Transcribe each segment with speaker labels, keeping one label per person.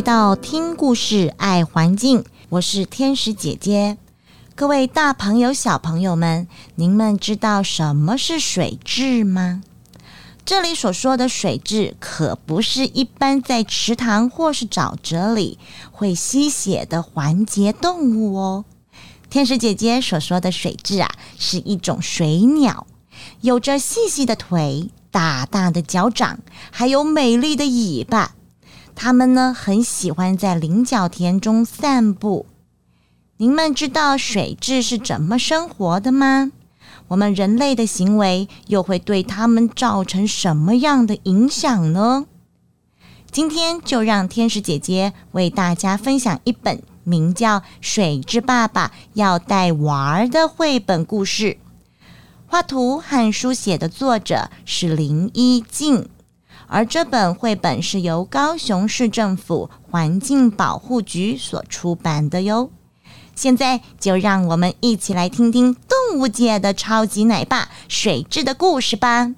Speaker 1: 回到聽故事愛環境，我是天使姐姐。各位大朋友、小朋友們，您們知道什麼是水雉嗎？這裡所說的水雉，可不是一般在池塘或是沼澤裡會吸血的環節動物哦。天使姐姐所說的水雉啊，是一種水鳥，有着細細的腿、大大的腳掌，還有美麗的尾巴。他們呢，很喜歡在菱角田中散步。您們知道水雉是怎麼生活的嗎？我們人類的行為又會對他們造成什麼樣的影響呢？今天就讓天使姐姐為大家分享一本名叫《水雉爸爸要帶娃兒》的繪本故事。畫圖和書寫的作者是林依靜。而這本繪本是由高雄市政府環境保護局所出版的喲。現在就讓我們一起來聽聽動物界的超級奶爸水雉的故事吧。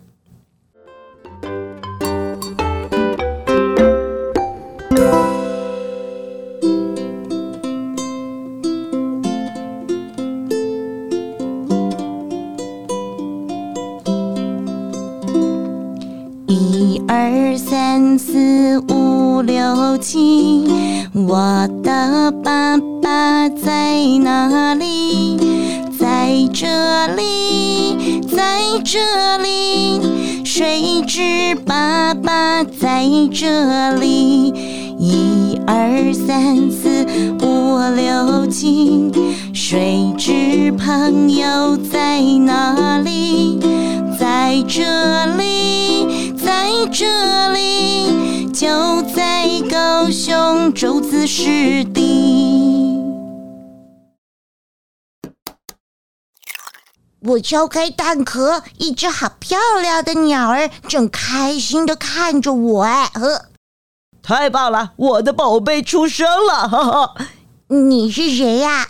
Speaker 1: 四五六七，我的爸爸在哪裡？在這裡，在這裡。水雉爸爸在這裡？一二三四五六七，水雉朋友在哪？胸肘子勢的，我敲開蛋殼，一隻好漂亮的鳥兒正開心的看着我。哎，呵。太棒了，我的寶貝出生了！哈哈，你是誰呀、啊？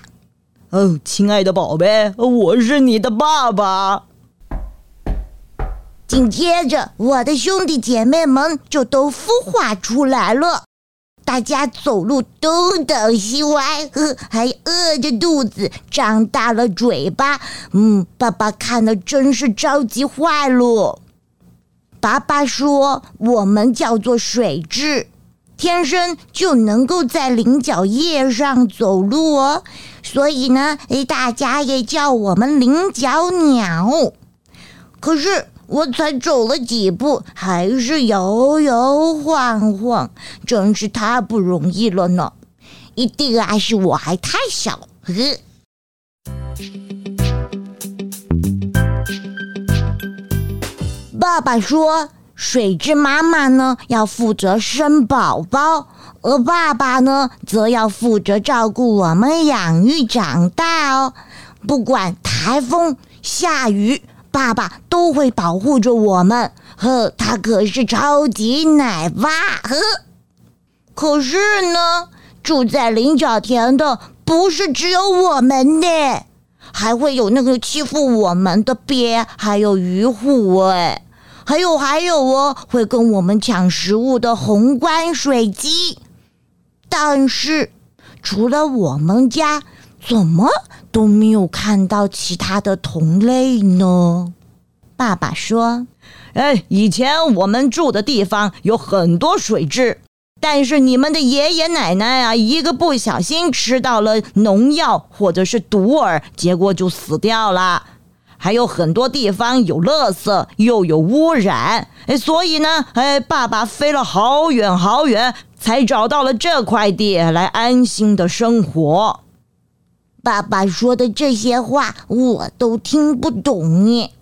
Speaker 1: 哦，親愛的寶貝，我是你的爸爸。緊接着，我的兄弟姐妹們就都孵化出來了。大家走路東倒西歪，餓還餓着肚子，張大了嘴巴。嗯，爸爸看了真是着急壞了。爸爸說：“我們叫做水雉，天生就能夠在菱角葉上走路哦。所以呢，哎，大家也叫我們菱角鳥。可是……”我才走了幾步，還是搖搖晃晃，真是太不容易了呢！一定還是我還太小。呵。爸爸說，水雉媽媽呢要負責生寶寶，而爸爸呢則要負責照顧我們養育長大哦，不管台風下雨。爸爸都會保護着我們，呵，他可是超級奶爸，呵。可是呢，住在菱角田的不是只有我們呢，還會有那個欺負我們的鱉，還有魚虎，哎，還有還有哦，會跟我們搶食物的紅冠水雞。但是，除了我們家，怎麼？都沒有看到其他的同類呢。爸爸說：“哎，以前我們住的地方有很多水雉，但是你們的爺爺奶奶啊，一個不小心吃到了農藥或者是毒餌，結果就死掉了。還有很多地方有垃圾又有污染，哎，所以呢，哎，爸爸飛了好遠好遠，才找到了這塊地來安心的生活。”爸爸說的這些話我都聽不懂耶，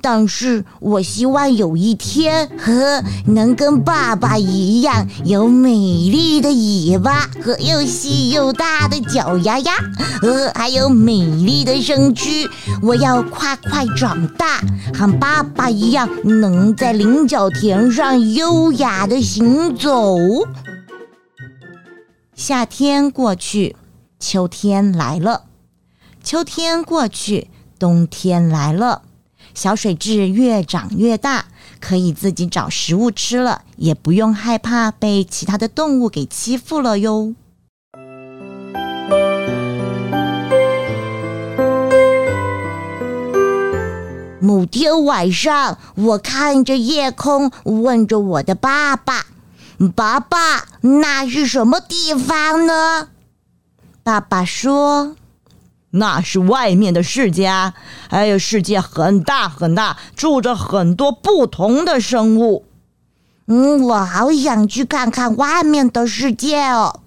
Speaker 1: 但是我希望有一天，呵呵，能跟爸爸一樣，有美麗的尾巴和又細又大的腳丫丫，呃，還有美麗的身軀。我要快快長大，和爸爸一樣，能在菱角田上優雅的行走。夏天過去。秋天來了，秋天過去，冬天來了。小水雉越長越大，可以自己找食物吃了，也不用害怕被其他的動物給欺負了喲。某天晚上，我看着夜空，問着我的爸爸：“爸爸，那是什麼地方呢？”爸爸說：“那是外面的世界、啊，還、哎、有世界很大很大，住着很多不同的生物。”嗯，我好想去看看外面的世界哦。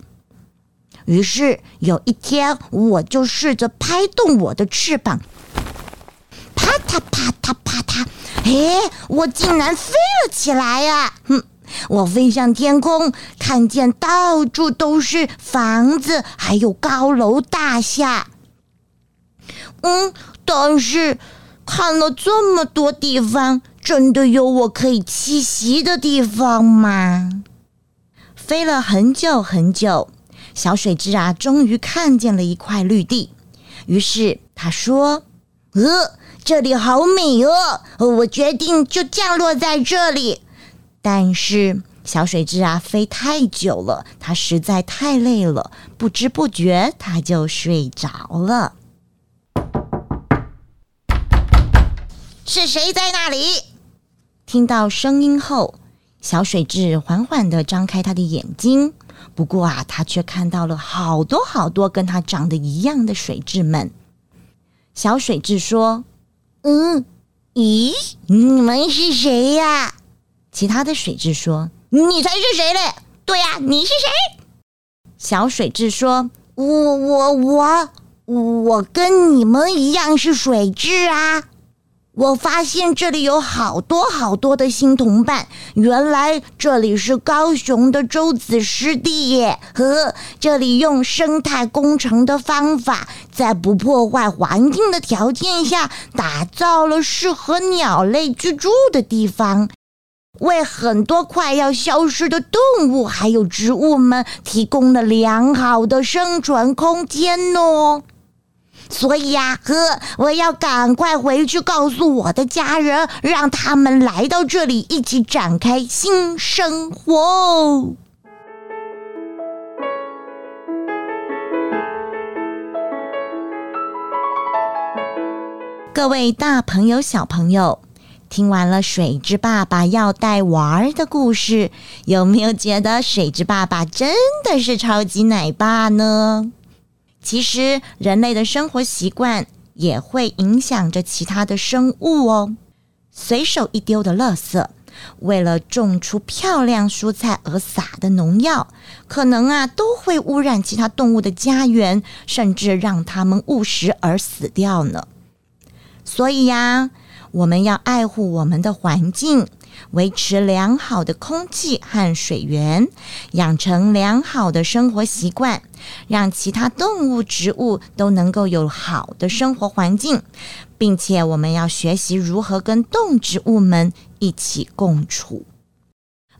Speaker 1: 於是有一天，我就試着拍動我的翅膀，啪嗒啪嗒啪嗒，哎，我竟然飛了起來呀、啊！哼、嗯。我飛向天空，看見到處都是房子，還有高樓大廈。嗯，但是看了這麼多地方，真的有我可以棲息的地方嗎？飛了很久很久，小水雉啊，終於看見了一塊綠地。於是他說：“呃、哦，這裡好美哦，我決定就降落在這裡。”但是小水雉啊，飛太久了，它實在太累了，不知不覺它就睡着了。是誰在那裡？聽到聲音後，小水雉緩緩地張開他的眼睛。不過啊，他卻看到了好多好多跟他長得一樣的水雉們。小水雉說：“嗯，咦，你們是誰呀？”其他的水雉說：“你才是誰嘞？”對呀、啊，你是誰？小水雉說：“我我我我跟你們一樣是水雉啊！我發現這裡有好多好多的新同伴，原來這裡是高雄的洲仔濕地耶！呵，這裡用生態工程的方法，在不破壞環境的條件下，打造了適合鳥類居住的地方。”為很多快要消失的動物還有植物們提供了良好的生存空間哦，所以呀，呵，我要趕快回去告訴我的家人，讓他們來到這裡一起展開新生活哦。各位大朋友、小朋友。聽完了水雉爸爸要帶娃兒的故事，有沒有覺得水雉爸爸真的是超級奶爸呢？其實，人類的生活習慣也會影響着其他的生物哦。隨手一丟的垃圾，為了種出漂亮蔬菜而撒的農藥，可能啊都會污染其他動物的家園，甚至讓它們誤食而死掉呢。所以呀、啊。我們要愛護我們的環境，維持良好的空氣和水源，養成良好的生活習慣，讓其他動物、植物都能夠有好的生活環境，並且我們要學習如何跟動植物們一起共處。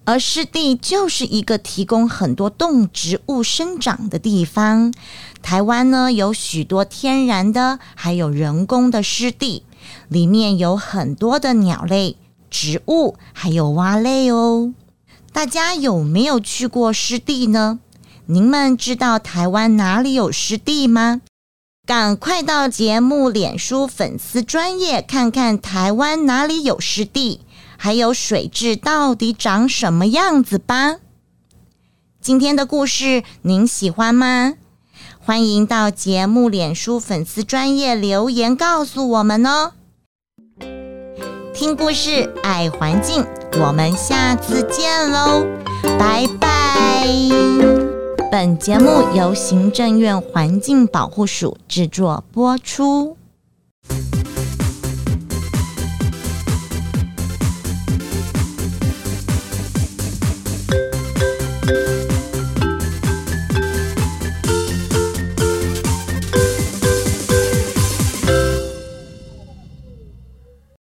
Speaker 1: 而濕地就是一個提供很多動植物生長的地方。台灣呢有許多天然的，還有人工的濕地。裡面有很多的鳥類、植物，還有蛙類哦。大家有沒有去過濕地呢？您們知道台灣哪裡有濕地嗎？趕快到節目臉書粉絲專頁看看台灣哪裡有濕地，還有水雉到底長什麼樣子吧。今天的故事您喜歡嗎？歡迎到節目臉書粉絲專頁留言告訴我們哦。聽故事，愛環境，我們下次見嘍，拜拜。本節目由行政院環境保護署制作播出。